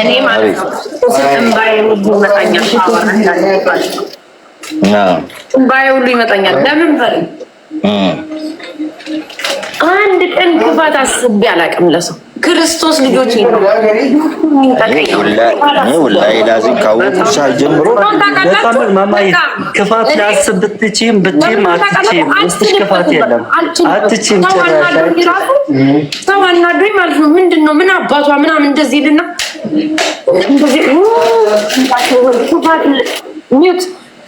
እኔ ማለት ነው እንባዬ ሁሉ ይመጣኛል። ሁሉ ይመጣኛል። ለምን አንድ ቀን ክፋት አስቤ አላውቅም ለሰው ክርስቶስ ልጆች ላዚ ጀምሮ ክፋት ላስብ ብትችም አትችም ውስጥሽ ክፋት የለም። አትችም ማለት ነው። ምንድን ነው ምን አባቷ ምናምን እንደዚህ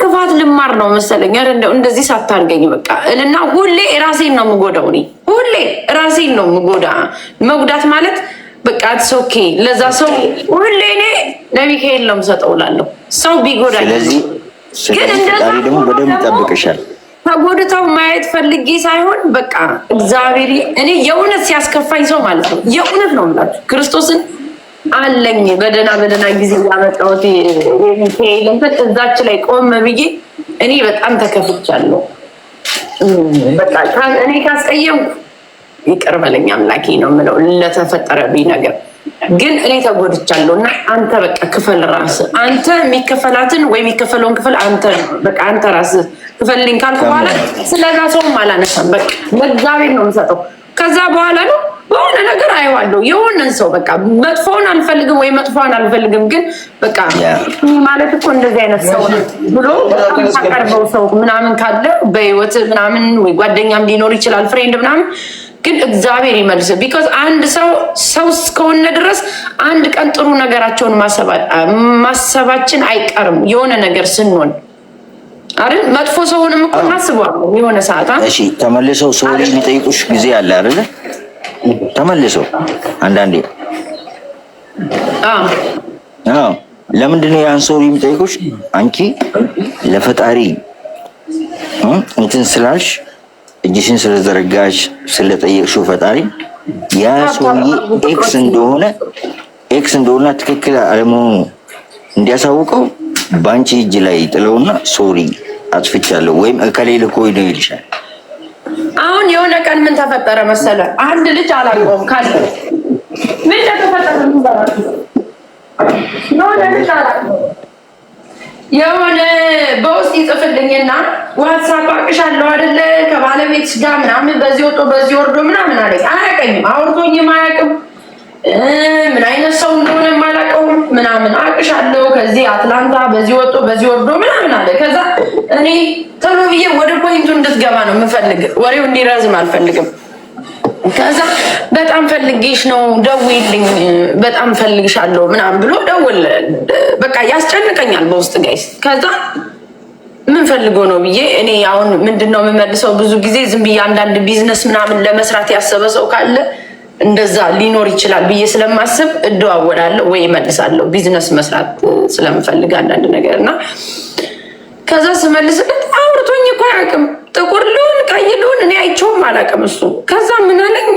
ክፋት ልማር ነው መሰለኝ። ኧረ እንደው እንደዚህ ሳታርገኝ በቃ እና ሁሌ ራሴን ነው የምጎዳው። እኔ ሁሌ ራሴን ነው የምጎዳ። መጉዳት ማለት በቃ ሶኬ ለዛ ሰው ሁሌ እኔ ለሚካኤል ነው የምሰጠው እላለሁ። ሰው ቢጎዳ ግን ይጠብቅሻል። ተጎድተው ማየት ፈልጌ ሳይሆን በቃ እግዚአብሔር እኔ የእውነት ሲያስከፋኝ ሰው ማለት ነው የእውነት ነው የምላችሁ ክርስቶስን አለኝ በደና በደና ጊዜ ያመጣሁት የሚካሄልበት እዛች ላይ ቆም ብዬ እኔ በጣም ተከፍቻለሁ። በቃ እኔ ካስቀየምኩ ይቅር በለኝ አምላኬ ነው የምለው ለተፈጠረብኝ ነገር። ግን እኔ ተጎድቻለሁ እና አንተ በቃ ክፈል ራስ አንተ የሚከፈላትን ወይ የሚከፈለውን ክፍል አንተ በቃ አንተ ራስ ክፈልኝ ካልኩ በኋላ ስለዛ ሰውም አላነሳም። በቃ መጋቤ ነው የምሰጠው ከዛ በኋላ ነው በሆነ ነገር አየዋለሁ። የሆነን ሰው በቃ መጥፎውን አልፈልግም ወይ መጥፎን አልፈልግም፣ ግን በቃ ማለት እኮ እንደዚህ አይነት ሰው ብሎ ቀርበው ሰው ምናምን ካለ በህይወት ምናምን ወይ ጓደኛም ሊኖር ይችላል ፍሬንድ ምናምን ግን እግዚአብሔር ይመልስ። ቢካዝ አንድ ሰው ሰው እስከሆነ ድረስ አንድ ቀን ጥሩ ነገራቸውን ማሰባችን አይቀርም። የሆነ ነገር ስንሆን አይደል? መጥፎ ሰውንም እኮ እናስበዋለን የሆነ ሰዓት። ተመልሰው ሰው ልጅ ሊጠይቁሽ ጊዜ አለ አይደለ? ተመልሶ አንዳንዴ ለምንድን ነው ያን ሰው የሚጠይቁሽ? አንቺ ለፈጣሪ እንትን ስላልሽ እጅሽን ስለዘረጋሽ ስለጠየቅሽው ፈጣሪ ያ ሰውዬ ኤክስ እንደሆነ ኤክስ እንደሆነ ትክክል አለመሆኑ እንዲያሳውቀው በአንቺ እጅ ላይ ጥለውና ሶሪ አጥፍቻለሁ ወይም እከሌ ልኮኝ ነው ይልሻል። አሁን የሆነ ቀን ምን ተፈጠረ መሰለ፣ አንድ ልጅ አላውቀውም ካለ ምን ተፈጠረ የሆነ ልጅ አላውቀውም የሆነ በውስጥ ይጽፍልኝና ዋትሳፕ አቅሻለሁ አይደለ ከባለቤት ጋር ምናምን በዚህ ወጦ በዚህ ወርዶ ምናምን አለ። አያውቀኝም፣ አውርቶኝም አያውቅም። ምን አይነት ሰው እንደሆነ አላውቀውም ምናምን። አቅሻለሁ ከዚህ አትላንታ በዚህ ወጦ በዚህ ወርዶ ምናምን አለ ከዛ እኔ ቶሎ ብዬ ወደ ፖይንቱ እንድትገባ ነው የምፈልግ። ወሬው እንዲረዝም አልፈልግም። ከዛ በጣም ፈልጌሽ ነው ደውይልኝ፣ በጣም ፈልግሻለሁ ምናምን ብሎ ደውል። በቃ ያስጨንቀኛል በውስጥ ጋይስ። ከዛ ምን ፈልጎ ነው ብዬ እኔ አሁን ምንድነው የምመልሰው? ብዙ ጊዜ ዝም ብዬ አንዳንድ ቢዝነስ ምናምን ለመስራት ያሰበ ሰው ካለ እንደዛ ሊኖር ይችላል ብዬ ስለማስብ እደዋወላለሁ ወይ እመልሳለሁ። ቢዝነስ መስራት ስለምፈልግ አንዳንድ ነገር እና ከዛ ስመልስለት አውርቶኝ እኮ አያውቅም። ጥቁር ልሆን ቀይ ልሆን እኔ አይቼውም አላውቅም እሱ። ከዛ ምን አለኝ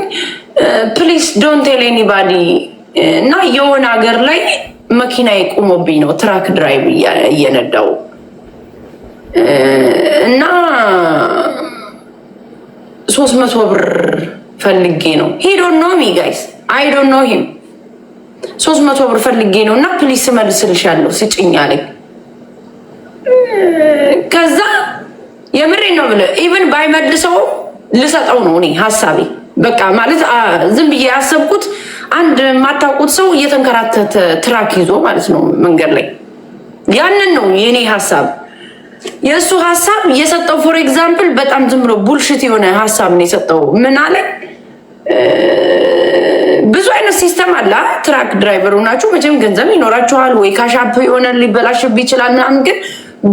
ፕሊስ ዶንት ቴል ኤኒባዲ እና የሆነ ሀገር ላይ መኪና የቆመብኝ ነው ትራክ ድራይቭ እየነዳው እና ሶስት መቶ ብር ፈልጌ ነው ሄዶን ነው ሚ ጋይስ አይ ዶንት ኖ ሂም ሶስት መቶ ብር ፈልጌ ነው እና ፕሊስ መልስልሻለሁ ስጭኝ አለኝ። ከዛ የምሬ ነው ብለ ኢቭን ባይመልሰው ልሰጠው ነው እኔ ሀሳቤ። በቃ ማለት ዝም ብዬ ያሰብኩት አንድ የማታውቁት ሰው እየተንከራተተ ትራክ ይዞ ማለት ነው መንገድ ላይ ያንን ነው የእኔ ሀሳብ። የእሱ ሀሳብ የሰጠው ፎር ኤግዛምፕል በጣም ዝም ብሎ ቡልሽት የሆነ ሀሳብ ነው የሰጠው። ምን አለ? ብዙ አይነት ሲስተም አለ። ትራክ ድራይቨር ሆናችሁ መቼም ገንዘብ ይኖራችኋል ወይ ካሻፕ የሆነ ሊበላሽብ ይችላል ምናምን ግን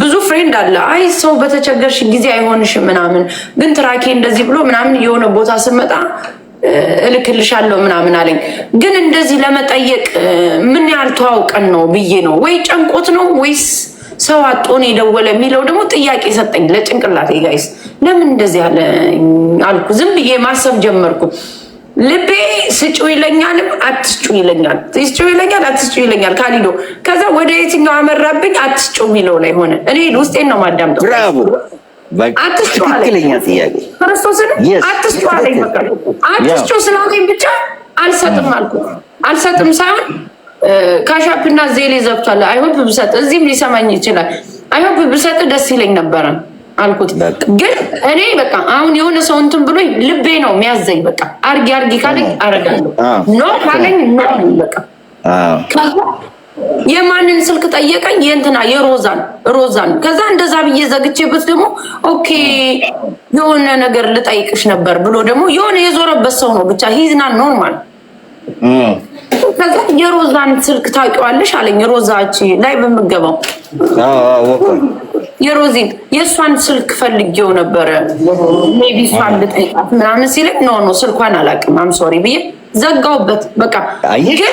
ብዙ ፍሬንድ አለ። አይ ሰው በተቸገርሽ ጊዜ አይሆንሽም ምናምን፣ ግን ትራኬ እንደዚህ ብሎ ምናምን የሆነ ቦታ ስመጣ እልክልሻለሁ ምናምን አለኝ። ግን እንደዚህ ለመጠየቅ ምን ያህል ተዋውቀን ነው ብዬ ነው ወይ ጨንቆት ነው ወይስ ሰው አጦን የደወለ የሚለው ደግሞ ጥያቄ ሰጠኝ ለጭንቅላቴ። ጋይስ ለምን እንደዚህ አለ አልኩ። ዝም ብዬ ማሰብ ጀመርኩ። ልቤ ስጩ ይለኛልም አትስጩ ይለኛል። ስጩ ይለኛል፣ አትስጩ ይለኛል። ካሊዶ ከዛ ወደ የትኛው አመራብኝ? አትስጩ የሚለው ላይ ሆነ። እኔ ውስጤን ነው ማዳምጠው። ብራቮ ክርስቶስን አትስጩ አለኝ። አትስጩ ስላለኝ ብቻ አልሰጥም አልኩ። አልሰጥም ሳይሆን ካሻፕና ዜሌ ዘብቷል። አይሆን ብሰጥ እዚህም ሊሰማኝ ይችላል። አይሆን ብሰጥ ደስ ይለኝ ነበረ። አልኩት። ግን እኔ በቃ አሁን የሆነ ሰው እንትን ብሎ ልቤ ነው የሚያዘኝ። በቃ አርጊ አርጊ ካለኝ አረጋለሁ፣ ኖ ካለኝ ኖ። በቃ የማንን ስልክ ጠየቀኝ? የእንትና የሮዛን ሮዛን። ከዛ እንደዛ ብዬ ዘግቼበት ደግሞ ኦኬ የሆነ ነገር ልጠይቅሽ ነበር ብሎ ደግሞ የሆነ የዞረበት ሰው ነው ብቻ ሂዝናን ኖርማል ከዛ የሮዛን ስልክ ታውቂዋለሽ አለኝ። ሮዛ ላይ በምገባው የሮዚን የእሷን ስልክ ፈልጌው ነበረ ሜይ ቢ እሷን ልጠይቃት ምናምን ሲለኝ ኖ ኖ ስልኳን አላውቅም አም ሶሪ ብዬ ዘጋውበት። በቃ ግን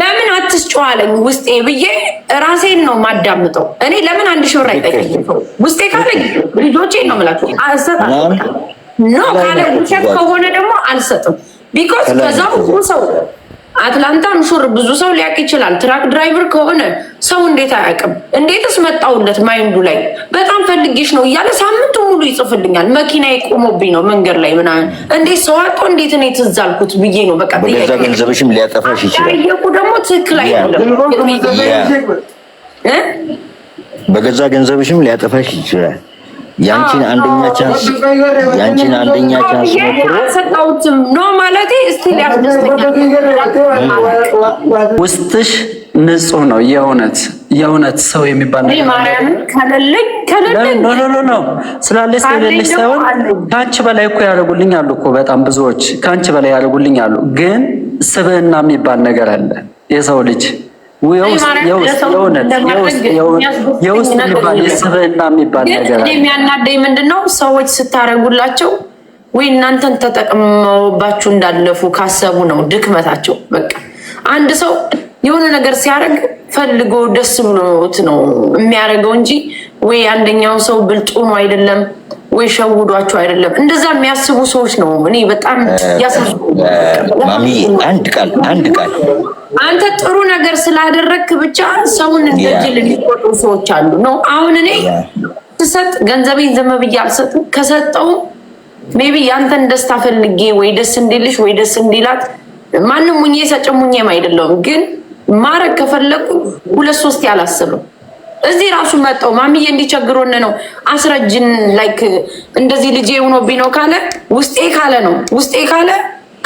ለምን አትስጭው ውስጤ ብዬ ራሴን ነው የማዳምጠው። እኔ ለምን አንድ ሺህ ብር አይጠይቀኝ ውስጤ ካለኝ ልጆቼ ነው የምላቸው አልሰጣ ኖ ካለ ውሸት ከሆነ ደግሞ አልሰጥም። ቢኮዝ በዛ ብዙ ሰው አትላንታ ምሹር ብዙ ሰው ሊያውቅ ይችላል። ትራክ ድራይቨር ከሆነ ሰው እንዴት አያውቅም? እንዴትስ መጣውለት ማይንዱ ላይ በጣም ፈልጌሽ ነው እያለ ሳምንቱ ሙሉ ይጽፍልኛል። መኪና የቆመብኝ ነው መንገድ ላይ ምናምን እንዴት ሰው አቶ እንዴት እኔ ትዝ አልኩት ብዬ ነው በቃ በገዛ ገንዘብሽም ሊያጠፋሽ ይችላል። ጠየቁ ደግሞ ትክክል አይደለም። በገዛ ገንዘብሽም ሊያጠፋሽ ይችላል። ያንቺን አንደኛ ቻንስ ያንቺን አንደኛ ቻንስ ሞክሮ አልሰጣሁትም ነው ማለት እስቲ ውስጥሽ ንጹህ ነው። የእውነት የእውነት ሰው የሚባል ነው ማርያምን ከለለኝ ከለለኝ ኖ ኖ ኖ ስላለሽ ከለለሽ ሳይሆን ከአንቺ በላይ እኮ ያደርጉልኝ አሉ እኮ በጣም ብዙዎች ከአንቺ በላይ ያደርጉልኝ አሉ። ግን ስብዕና የሚባል ነገር አለ የሰው ልጅ የውስጥ የሚባል የሚባል ነገር የሚያናደኝ ምንድን ነው? ሰዎች ስታደርጉላቸው ወይ እናንተን ተጠቅመውባችሁ እንዳለፉ ካሰቡ ነው ድክመታቸው። በቃ አንድ ሰው የሆነ ነገር ሲያደርግ ፈልጎ ደስ ብሎት ነው የሚያደርገው እንጂ ወይ አንደኛው ሰው ብልጡ ነው አይደለም፣ ወይ ሸውዷቸው አይደለም። እንደዛ የሚያስቡ ሰዎች ነው እኔ በጣም ያሳማሚ አንድ ቃል አንድ ቃል አንተ ጥሩ ነገር ስላደረግክ ብቻ ሰውን እንደጅል ሊቆጡ ሰዎች አሉ ነው። አሁን እኔ ስሰጥ ገንዘቤን ዝም ብዬ አልሰጥም። ከሰጠው ሜቢ ያንተን ደስታ ፈልጌ ወይ ደስ እንዲልሽ ወይ ደስ እንዲላት ማንም ሙኜ ሰጭ ሙኜም አይደለውም ግን ማረግ ከፈለጉ ሁለት ሶስት ያላስብም። እዚህ ራሱ መጣው ማሚዬ እንዲቸግሮን ነው አስረጅን ላይክ እንደዚህ ልጅ የሆኖብኝ ነው ካለ ውስጤ ካለ ነው ውስጤ ካለ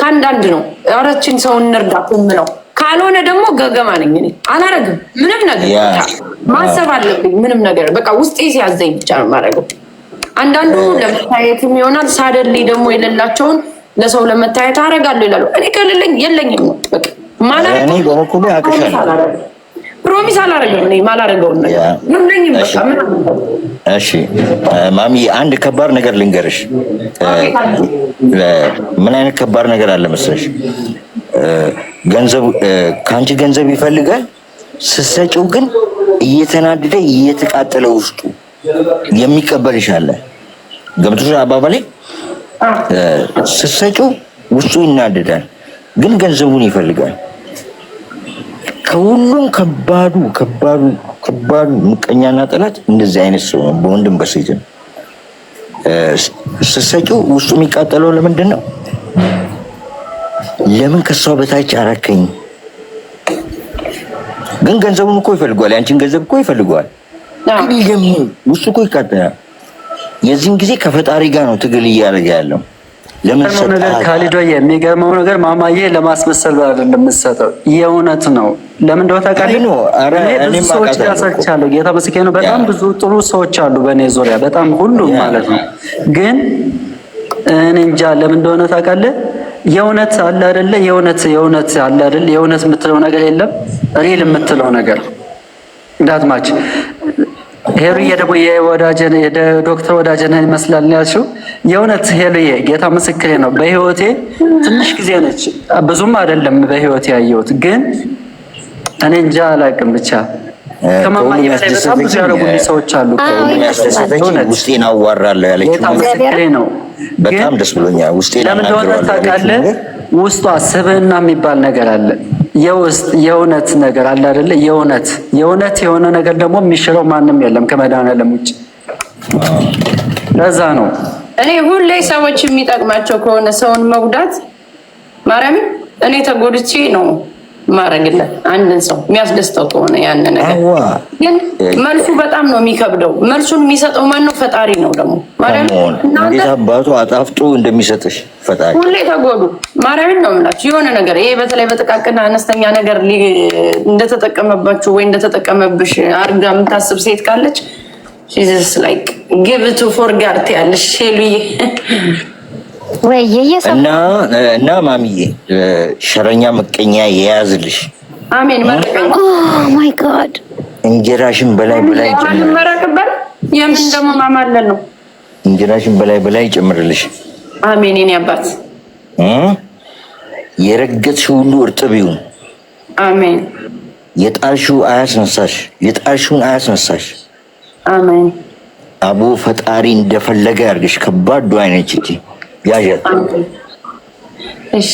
ከአንዳንድ ነው አረችን ሰው እንርዳ ነው። ካልሆነ ደግሞ ገገማ ነኝ እኔ አላረግም። ምንም ነገር ማሰብ አለብኝ። ምንም ነገር በቃ ውስጤ ሲያዘኝ ብቻ ነው ማድረገው። አንዳንዱ ለመታየትም ይሆናል ሳደልኝ ደግሞ የሌላቸውን ለሰው ለመታየት አረጋለሁ ይላሉ። እኔ ከሌለኝ የለኝም ነው በቃ ፕሮሚስ አላረገም እኔ ነገር እሺ ማሚ አንድ ከባድ ነገር ልንገርሽ ምን አይነት ከባድ ነገር አለ መሰለሽ ገንዘብ ከአንቺ ገንዘብ ይፈልጋል ስትሰጪው ግን እየተናደደ እየተቃጠለ ውስጡ የሚቀበልሽ አለ ገብቶሻል አባባሌ ስትሰጪው ውስጡ ይናደዳል ግን ገንዘቡን ይፈልጋል ከሁሉም ከባዱ ከባዱ ከባዱ ምቀኛና ጠላት እንደዚህ አይነት ሰው ነው። በወንድም በሴትም ስትሰጪው ውስጡ የሚቃጠለው ለምንድን ነው? ለምን ከሷ በታች አረከኝ? ግን ገንዘቡን እኮ ይፈልገዋል። ያንቺን ገንዘብ እኮ ይፈልገዋል። ውስጡ እኮ ይቃጠላል። የዚህን ጊዜ ከፈጣሪ ጋር ነው ትግል እያደረገ ያለው። ለምን ነገር ካሊዶ የሚገርመው ነገር ማማዬ ለማስመሰል አይደለም የምትሰጠው፣ የእውነት ነው። ለምን እንደው ታውቃለህ? ብዙ ሰዎች ጋር ሰርቻለሁ። ጌታ መስኪኑ በጣም ብዙ ጥሩ ሰዎች አሉ በእኔ ዙሪያ፣ በጣም ሁሉም ማለት ነው። ግን እኔ እንጃ ለምን እንደሆነ ታውቃለህ? የእውነት አለ አይደለ? የእውነት የእውነት አለ አይደለ? የእውነት የምትለው ነገር የለም ሪል የምትለው ነገር እንዳትማች ሄሉዬ ደግሞ የወዳጀን ዶክተር ወዳጀን ይመስላል ያልሽው የእውነት ሄሉዬ፣ ጌታ ምስክሬ ነው። በህይወቴ ትንሽ ጊዜ ነች፣ ብዙም አይደለም በህይወቴ ያየሁት፣ ግን እኔ እንጃ አላውቅም። ብቻ ከማማ ሰዎች አሉ። ውስጤን አዋራለሁ ያለችው ጌታ ምስክሬ ነው። በጣም ደስ ብሎኛል። ውስጤን ለምን እንደሆነ ታውቃለህ? ውስጧ ስብዕና የሚባል ነገር አለ የውስጥ የእውነት ነገር አለ አይደለ? የእውነት የእውነት የሆነ ነገር ደግሞ የሚሽረው ማንም የለም ከመድኃኒዓለም ውጭ። ለዛ ነው እኔ ሁሌ ሰዎች የሚጠቅማቸው ከሆነ ሰውን መጉዳት ማርያምን እኔ ተጎድቼ ነው ማድረግለት አንድን ሰው የሚያስደስተው ከሆነ ያን ነገር ግን መልሱ በጣም ነው የሚከብደው። መልሱን የሚሰጠው ማን ነው? ፈጣሪ ነው ደግሞ እንዴት አባቱ አጣፍጦ እንደሚሰጥሽ ፈጣሪ። ሁሌ ተጎዱ ማርያምን ነው የምላችሁ። የሆነ ነገር ይሄ በተለይ በጥቃቅና አነስተኛ ነገር እንደተጠቀመባችሁ ወይ እንደተጠቀመብሽ አርጋ የምታስብ ሴት ካለች ዚስ ላይክ ግብቱ ፎርጋርት ያለሽ ሄሉዬ እና ማሚዬ ሸረኛ ምቀኛ የያዝልሽ። አሜን። ማይ ጋድ እንጀራሽን በላይ በላይ ጨምርልሽ። የምን ደግሞ ማማለን ነው። እንጀራሽን በላይ በላይ ጨምርልሽ። አሜን። የኔ አባት የረገጥሽ ሁሉ እርጥብ ይሁን። አሜን። የጣልሽው አያስነሳሽ፣ የጣልሽውን አያስነሳሽ። አሜን። አቦ ፈጣሪ እንደፈለገ ያርግሽ። ከባድ ዱዓ አይነች ያዣል። እሺ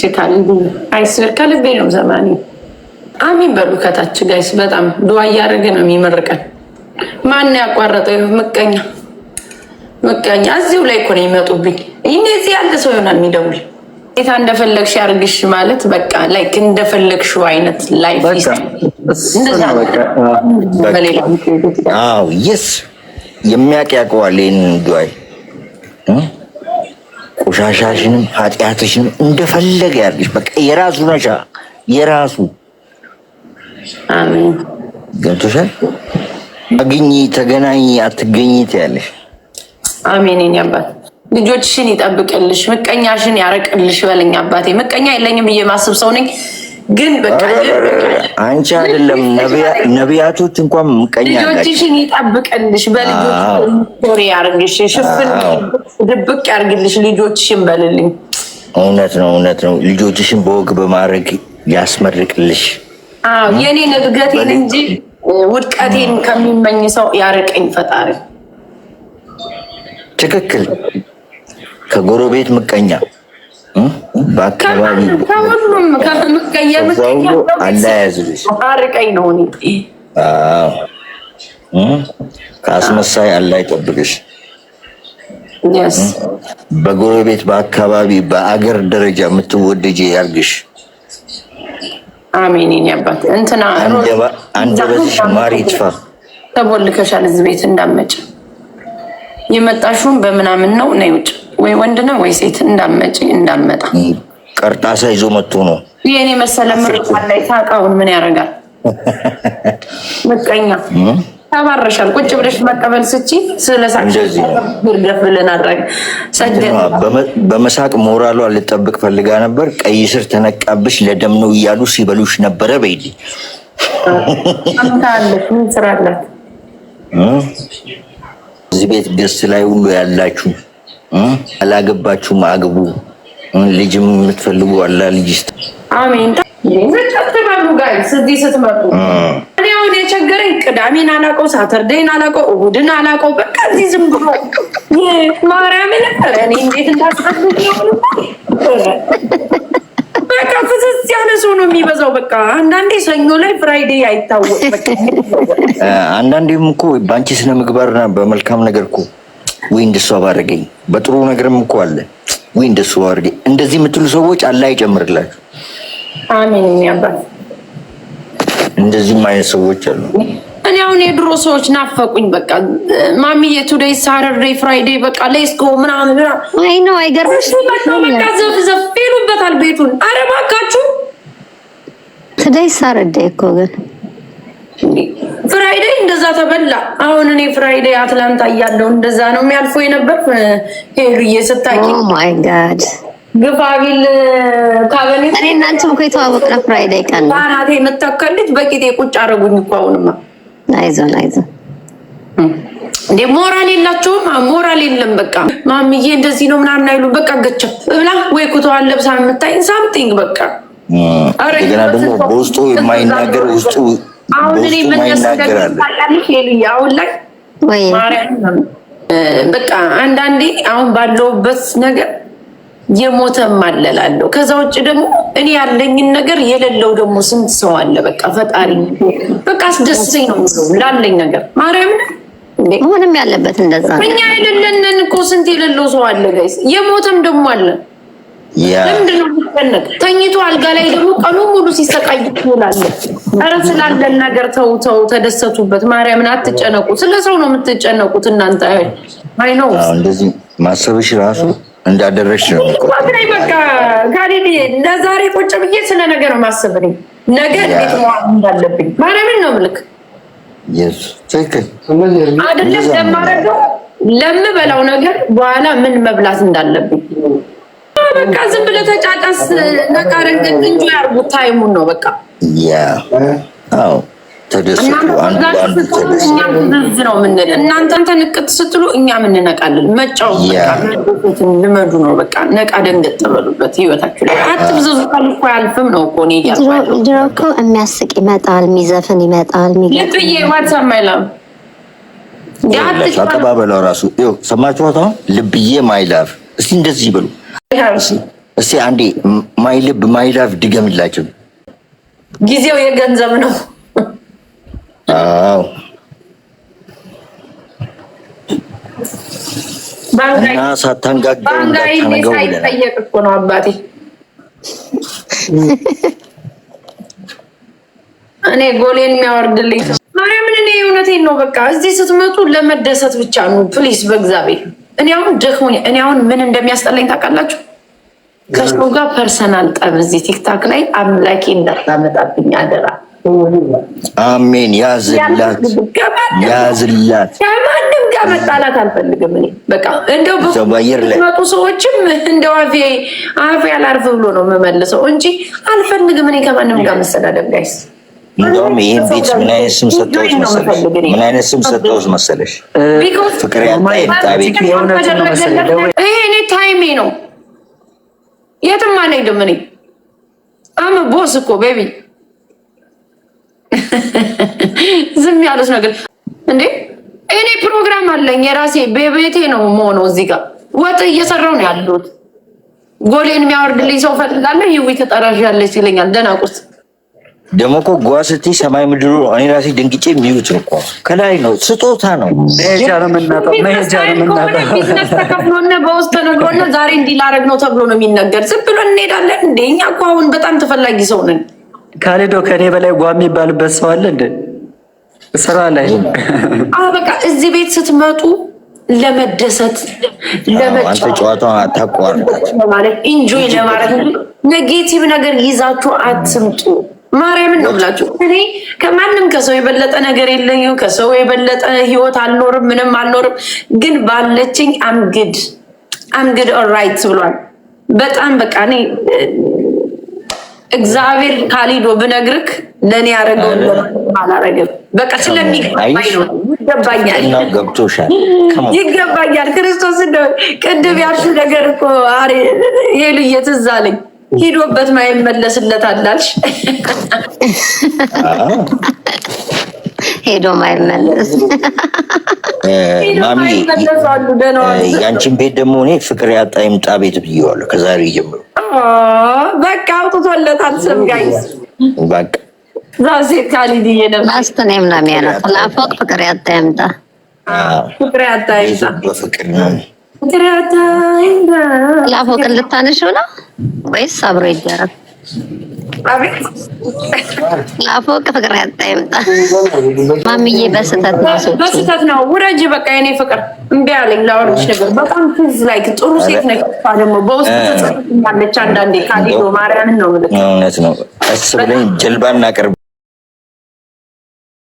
አይስበር ከልቤ ነው ዘማኔ አሚን በሉ ከታች ጋይስ። በጣም ዱዓ እያደረገ ነው የሚመርቀን። ማን ያቋረጠው ምቀኛ ምቀኛ። እዚሁ ላይ እኮ ነው ይመጡብኝ። ይህ ያለ ሰው ይሆናል የሚደውል ጌታ እንደፈለግሽ ያርግሽ ማለት በቃ ላይክ እንደፈለግሽ አይነት ላይፍ ይስ የሚያቅ ያውቀዋል ይህንን ዱዓይ ቆሻሻሽንም ኃጢአትሽንም እንደፈለገ ያርግሽ። በቃ የራሱ ነሻ የራሱ አሜን። ገብቶሻል። አግኝ ተገናኝ አትገኝት ያለሽ አሜን። ኔ አባት ልጆችሽን ይጠብቅልሽ፣ ምቀኛሽን ያረቅልሽ። በለኝ አባቴ ምቀኛ የለኝም ብዬ ማስብ ሰው ነኝ። ግን በቃ አንቺ አይደለም ነቢያቶች እንኳን ምቀኛ ልጆችሽን ይጠብቅልሽ፣ በልጆች ያርግሽ፣ ሽፍን ድብቅ ያርግልሽ። ልጆችሽን በልልኝ። እውነት ነው፣ እውነት ነው። ልጆችሽን በወግ በማድረግ ያስመርቅልሽ። የኔን እድገቴን እንጂ ውድቀቴን ከሚመኝ ሰው ያርቀኝ ፈጣሪ። ትክክል። ከጎረቤት ምቀኛ ከሁሉም ከመቀየምሽ አለያዝልሽ አርቀኝ ነው ከአስመሳይ አላህ ይጠብቅሽ። በጎረቤት በአካባቢ በአገር ደረጃ የምትወደጅ ያርግሽ። አሜን። ያባት እንትና አንደበትሽ ማር ይጥፋ። ተቦልከሻል። እዚህ ቤት እንዳመጭ የመጣሽውን በምናምን ነው ነይ ውጭ ወይ ወንድ ነው ወይ ሴት እንዳመጪ እንዳልመጣ ቀርጣሳ ይዞ መጥቶ ነው የእኔ መሰለ ምርጫ ላይ ታቃውን ምን ያደርጋል ምቀኛ ተባረሻል። ቁጭ ብለሽ መቀበል ስቺ ስለሳግርገፍልን አድረግ በመሳቅ ሞራሏ ልጠብቅ ፈልጋ ነበር። ቀይ ስር ተነቃብሽ ለደም ነው እያሉ ሲበሉሽ ነበረ። በይዲ ምታለች ምን ስራ እዚህ ቤት ገስ ላይ ሁሉ ያላችሁ አላገባችሁም፣ አግቡ። ልጅም የምትፈልጉ አላ ልጅ ስ አሜን። ጋይስ እዚህ ስትመጡ እኔ አሁን የቸገረኝ ቅዳሜን አላውቀው፣ ሳተርዴን አላውቀው፣ እሑድን አላውቀው። በቃ እዚህ ዝም ብሎ ማርያም ነበረ እኔ እንዴት እንዳስፈልግ ነው በቃ ፍስስ ያለ ሰው ነው የሚበዛው። በቃ አንዳንዴ ሰኞ ላይ ፍራይዴ አይታወቅ። አንዳንዴም እኮ በአንቺ ስነ ምግባርና በመልካም ነገር እኮ ወይ እንደሱ አባረገኝ። በጥሩ ነገርም እኮ አለ ወይ እንደሱ አባረገኝ። እንደዚህ የምትሉ ሰዎች አላህ ይጨምርላችሁ። አሜን። የሚያባት እንደዚህም አይነት ሰዎች አሉ። እኔ አሁን የድሮ ሰዎች ናፈቁኝ። በቃ ማሚዬ ቱዴይ ሳረርዴ ፍራይዴ በቃ ሌስኮ ምናምን አይ ነው አይገርምሽ? በቃ ዘፍዘፍ ይሉበታል ቤቱን። አረ እባካችሁ ቱዴይ ሳረርዴ እኮ ግን ፍራይዴይ እንደዛ ተበላ። አሁን እኔ ፍራይዴይ አትላንታ እያለሁ እንደዛ ነው የሚያልፎ የነበር ሄዱዬ ስታቂ ማይ ጋድ ግፋቢል ካበኔ እኔ እናንተም እኮ የተዋወቅነ ፍራይዴ ቀን ነው። ባናቴ የምታከልጅ በቂጤ ቁጭ አረጉኝ እኮ አሁንማ። አይዞን አይዞን እንዴ ሞራል የላቸውም። ሞራል የለም። በቃ ማምዬ እንደዚህ ነው ምናምን አይሉ በቃ ገቸው ብላ ወይ ኩተዋን ለብሳ የምታይ ሳምቲንግ በቃ እንደገና ደግሞ በውስጡ የማይናገር ውስጡ አሁን እኔ የምነሳለች አሁን ላይ ማርያም በቃ አንዳንዴ አሁን ባለውበት ነገር የሞተም አለላለሁ። ከዛ ውጭ ደግሞ እኔ ያለኝን ነገር የሌለው ደግሞ ስንት ሰው አለ። በቃ ፈጣሪ በቃ አስደስተኝ ነው ላለኝ ነገር ማርያም ያለበት እንደዛ እኛ የሌለንን እኮ ስንት የሌለው ሰው አለ ጋይስ፣ የሞተም ደግሞ አለ ለምንድን ተኝቶ አልጋ ላይ ደግሞ ቀኑ ሙሉ ሲሰቃይ ይውላል። ኧረ ስላለን ነገር ተው ተው፣ ተደሰቱበት። ማርያምን አትጨነቁ። ስለ ሰው ነው የምትጨነቁት እናንተ። አይ ነው እንደዚህ ማሰብሽ ራሱ እንዳደረሽ ነው። በቃ ለዛሬ ቁጭ ብዬ ስለ ነገ እንዴት መዋል እንዳለብኝ ማርያምን ነው ምልክ ለማረገው ለምበላው ነገር በኋላ ምን መብላት እንዳለብኝ በቃ ዝም ብለህ ተጫጫስ ነቃ ረንገጥ እንጂ ያርጉ ታይሙን ነው በቃ ያ አዎ ተደስቱ አንዱ ስትሉ እኛም እንነቃለን። መጫወት ልመዱ ነው በቃ ነቃ ደንገጥ በሉበት ህይወታችሁ ላይ አትብዘዙ። ካልኩ አያልፍም ነው እኮ እኔ ድሮ እኮ የሚያስቅ ይመጣል፣ የሚዘፍን ይመጣል። ልጥዬ ዋትሳፕ ማይላም አቀባበለው ራሱ ሰማችኋት። አሁን ልብዬ ማይላፍ እስቲ እንደዚህ ይበሉ እስቲ አንዴ ማይ ልብ ማይ ላቭ ድገምላቸው። ጊዜው የገንዘብ ነው። አዎ እና ሳታንጋገሩ ነው አባቴ። እኔ ጎሌን የሚያወርድልኝ ማርያምን፣ እኔ እውነቴን ነው። በቃ እዚህ ስትመጡ ለመደሰት ብቻ ነው። ፕሊስ በእግዚአብሔር እኔ አሁን ደክሞኝ እኔ አሁን ምን እንደሚያስጠላኝ ታውቃላችሁ? ከሰው ጋር ፐርሰናል ጠብ እዚህ ቲክታክ ላይ አምላኬ እንዳታመጣብኝ አደራ። አሜን። ያዝላት ያዝላት። ከማንም ጋር መጣላት አልፈልግም። እኔ በቃ እንደው መጡ ሰዎችም እንደው አፌ አፌ አላርፍ ብሎ ነው የምመልሰው እንጂ አልፈልግም እኔ ከማንም ጋር መሰዳደብ ጋይስ እንደውም ይህን ቤት ምን አይነት ስም ሰጠውት መሰለሽ? ምን አይነት ስም መሰለሽ? ፍቅር ይሄ እኔ ታይሜ ነው። የትም አልሄድም እኔ አመ ቦስ እኮ ቤቢ ዝም ያሉት ነገር እንዴ እኔ ፕሮግራም አለኝ የራሴ በቤቴ ነው የምሆነው። እዚህ ጋር ወጥ እየሰራው ነው ያሉት። ጎሌን የሚያወርድልኝ ሰው ፈልጋለሁ። ይዊ ተጠራሽ ያለች ይለኛል ደናቁስ ደግሞ እኮ ጓ ስትይ ሰማይ ምድሩ እኔ ራሴ ደንግጬ የሚሉት እኮ ከላይ ነው። ስጦታ ነው። መሄጃ ነው የምናጠ በውስጥ ነግሮና ዛሬ እንዲህ ላደርግ ነው ተብሎ ነው የሚነገር። ዝም ብሎ እንሄዳለን እንደ እኛ እኮ አሁን በጣም ተፈላጊ ሰው ነን። ካልዶ ከእኔ በላይ ጓ የሚባልበት ሰው አለ እንደ ስራ ላይ በቃ እዚህ ቤት ስትመጡ ለመደሰት ለመጫወት ኢንጆይ ለማለት ኔጌቲቭ ነገር ይዛችሁ አትምጡ። ማርያምን ነው ብላችሁ እኔ ከማንም ከሰው የበለጠ ነገር የለኝም። ከሰው የበለጠ ህይወት አልኖርም፣ ምንም አልኖርም። ግን ባለችኝ አምግድ አምግድ ኦራይት ብሏል። በጣም በቃ እኔ እግዚአብሔር ካሊዶ ብነግርክ ለእኔ ያደረገው በቃ ስለሚገባኝ ይገባኛል። ክርስቶስ ቅድም ያልሽው ነገር እኮ ሄሉ እየትዝ አለኝ ሄዶበት ማይመለስለት አላልሽ ሄዶ ማይመለስ ያንቺን ቤት ደግሞ እኔ ፍቅር ያጣ ይምጣ ቤት ብዬዋለሁ። ከዛሬ ጀምሮ በቃ አውጥቶለታል። ስም ጋይ ዛሴት ካሊድ እየደማስትኔም ነው የሚያነው ፍቅር ያጣ ይምጣ ፍቅር ያጣ ይምጣ ላፎቅን ልታነሺው ነው ወይስ አብሮ ይደረግ? ላፎቅ ፍቅር ያጣ ይምጣ። ማሚዬ በስተት ነው በስተት ነው። ውረጅ በቃ የኔ ፍቅር እምቢ አለኝ። ላወራሽ ነገር በጣም ትዝ ላይ ጥሩ ሴት ነው። ፋ ደግሞ በውስጥ ተጽፋለች። አንዳንዴ ካሊዶ ማርያምን ነው ምልክ እውነት ነው። እሱ ብለኝ ጀልባ እናቅርብ